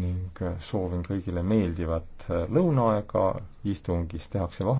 ning soovin kõigile meeldivat lõunaaega, istungis tehakse vahe.